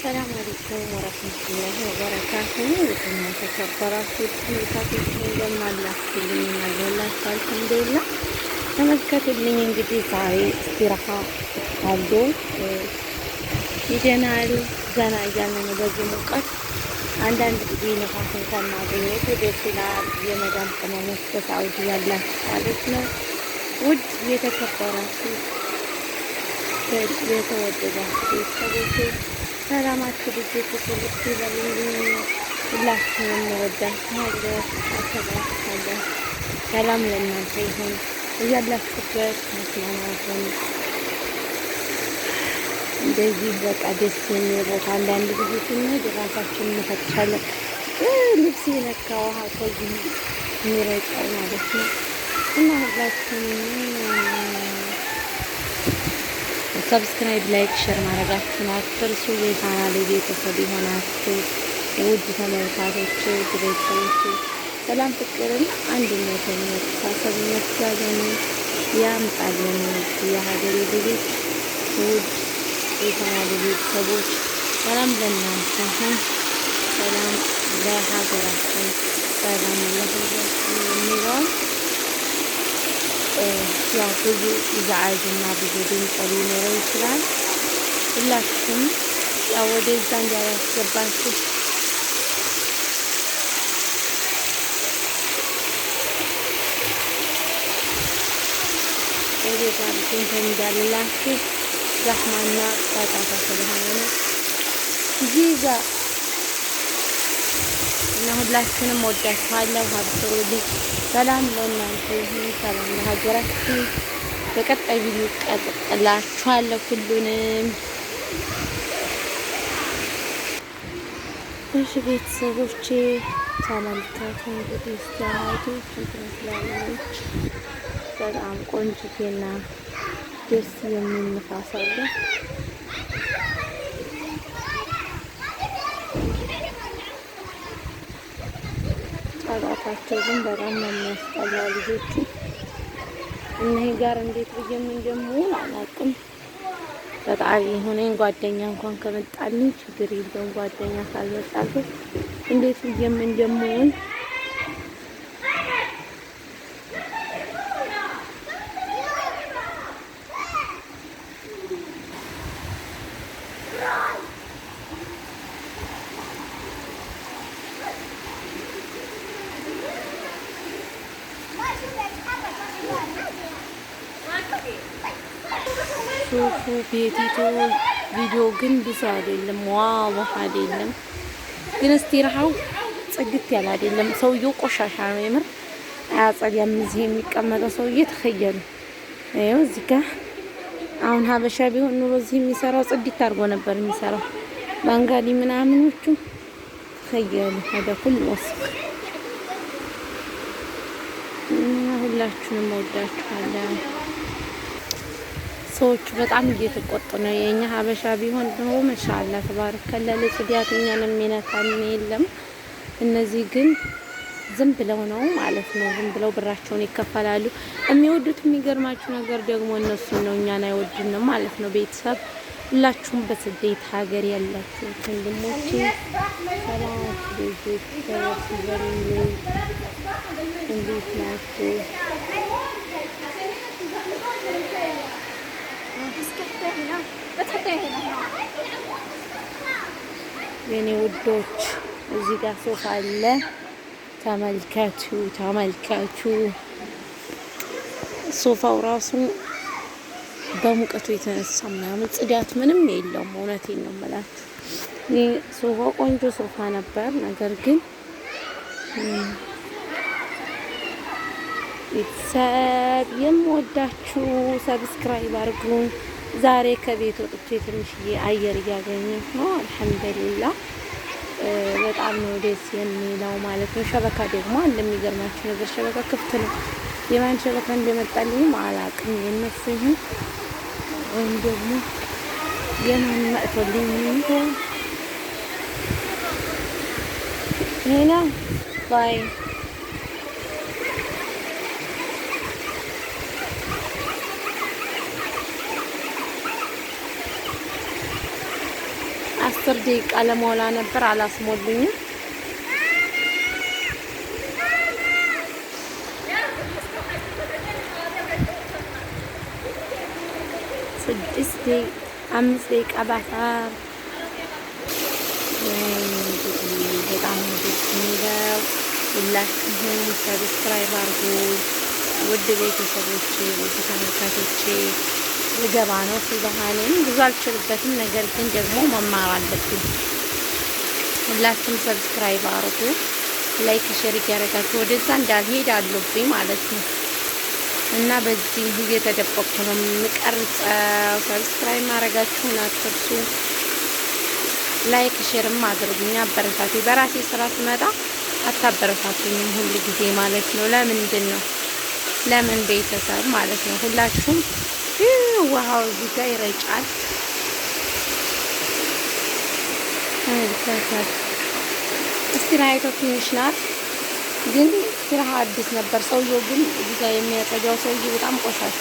ሰላም አለይኩም ወረህመቱላሂ ወበረካቱሁ። ውድና የተከበራችሁ ተመልካቾች እንደምን አላችሁልኝ? አለሁላችሁ አልሐምዱሊላህ። ተመልከቱልኝ እንግዲህ ዛሬ እስቲራሃ አብዶ ይደናል። ዘና እያልን ነው በዚህ ሙቀት። አንዳንድ ጊዜ ነፋስ እንኳን ደስ ይላል። የመዳም ቅመሞች በሳዑዲ ያላችሁ ማለት ነው። ውድ የተከበራችሁ የተወደዳችሁ ሰቦች ሰላማችሁ ብዙ ተሰልፍ ይበልልኝ። ሁላችሁንም ወዳችኋለሁ፣ አከብራችኋለሁ። ሰላም ለእናንተ ይሁን እያላችሁበት መስማማቱን እንደዚህ በቃ ደስ የሚል ቦታ አንዳንድ ጊዜ ስንሄድ ራሳችን እንፈትሻለን። ልብስ የነካ ውሃ ከዚህ የሚረጫው ማለት ነው እና ሁላችሁንም ሰብስክራይብ፣ ላይክ፣ ሼር ማድረጋችሁን አትርሱ። የቻናሌ ቤተሰብ የሆናችሁ ውድ ተመልካቾች፣ ቤተሰቦች ሰላም ፍቅርን፣ አንድነትን፣ መተሳሰብን፣ መተዛዘንን ያምጣልን። የሀገሬ ልጆች ውድ የቻናሌ ቤተሰቦች ሰላም ለእናንተ፣ ሰላም ለሀገራችን፣ ሰላም ለሁ ያው ይዛ አይዝና ብዙ ድምፅ ሊኖረው ይችላል። ሁላችሁም ያው ወደ እዛ እንዳያስገባችሁ ወደዛ ብትን እንዳልላችሁ ዛህማና ጫጫታ ስለሆነ ነው እዚህ እና ሁላችንም ወዳችኋለሁ። አብስሩልኝ። ሰላም ለእናንተ ይሁን፣ ሰላም ለሀገራችን። በቀጣይ ቪዲዮ ቀጥላችኋለሁ ሁሉንም እሺ ቤተሰቦቼ ተመልከቱ እንግዲህ ስታቱ ትመስላለች። በጣም ቆንጅቴና ደስ የሚል ንፋስ አለ። ጸባታቸው ግን በጣም ነው የሚያስጠላው ልጆቹ። እነዚህ ጋር እንዴት ብዬም እንደምውል አላውቅም። በጣም የሆነ ጓደኛ እንኳን ከመጣልኝ ችግር የለውም። ጓደኛ ካልመጣልኝ እንዴት ብዬም እንደምውል ሹፉ ቤቲቱ ቪዲዮ ግን ብዙ አይደለም፣ ዋው አይደለም። ግን እስቲ ረሃው ጽግት ያለ አይደለም። ሰውየው ቆሻሻ ነው የምር አያጸዳም። እዚህ የሚቀመጠው ሰውዬ ተኸየሉ። ይኸው እዚህ ጋ አሁን ሀበሻ ቢሆን ኑሮ እዚህ የሚሰራው ጽድት አድርጎ ነበር የሚሰራው። ባንጋሊ ምናምኖቹ ተኸየሉ ወደ ኩል ወስክ ሁላችሁንም ወዳችኋለሁ። ሰዎቹ በጣም እየተቆጡ ነው። የኛ ሀበሻ ቢሆን ደግሞ መሻላ ተባርከለ ለጽዳት እኛን የሚነካን የለም። እነዚህ ግን ዝም ብለው ነው ማለት ነው። ዝም ብለው ብራቸውን ይከፈላሉ። የሚወዱት የሚገርማችሁ ነገር ደግሞ እነሱን ነው፣ እኛን አይወዱንም ማለት ነው። ቤተሰብ ሁላችሁም በስደት ሀገር ያላችሁ ወንድሞቼ ሰላም ልጆች፣ እንዴት ናችሁ? የኔ ውዶች እዚህ ጋር ሶፋ አለ። ተመልከቱ ተመልከቱ። ሶፋው ራሱ በሙቀቱ የተነሳ ምናምን ጽዳት ምንም የለውም። እውነቴን ነው የምላችሁ። ሶፋው ቆንጆ ሶፋ ነበር፣ ነገር ግን ቤተሰብ የምወዳችሁ ሰብስክራይብ አርጉ። ዛሬ ከቤት ወጥቼ ትንሽ አየር እያገኘሁ ነው። አልሐምዱሊላ በጣም ነው ደስ የሚለው ማለት ነው። ሸበካ ደግሞ እንደሚገርማችሁ ነገር ሸበካ ክፍት ነው። የማን ሸበካ እንደመጣልኝም አላውቅም። የነሱ ይሁን ወይም ደግሞ የማን መጥቶልኝ ይሄ ነው ባይ አስር ደቂቃ ለሞላ ነበር አላስሞሉኝም። ስድስት አምስት ደቂቃ ባታር በጣም የሚለው ሁላችሁም ሰብስክራይብ አድርጉ ውድ ቤተሰቦቼ፣ ውድ ተመልካቾቼ ልገባ ነው። ስብሃኔም ብዙ አልችልበትም፣ ነገር ግን ደግሞ መማር አለብኝ። ሁላችሁም ሰብስክራይብ አርጉ፣ ላይክ፣ ሼር እያደረጋችሁ ወደዛ እንዳልሄድ አለብኝ ማለት ነው እና በዚህ እየተደበቅኩ ነው የምቀርጸው። ሰብስክራይብ ማድረጋችሁን አትርሱ፣ ላይክ ሼርም አድርጉኝ፣ አበረታቱ። በራሴ ስራ ስመጣ አታበረታቱኝም ሁሉ ጊዜ ማለት ነው። ለምንድን ነው ለምን ቤተሰብ ማለት ነው ሁላችሁም ውሃው እዚህ ጋር ይረጫል። እስቲ ናይቶ ትንሽ ናት፣ ግን ስራ አዲስ ነበር። ሰውየው ግን እዚህ ጋር የሚያጸዳው ሰውዬ በጣም ቆሻሻ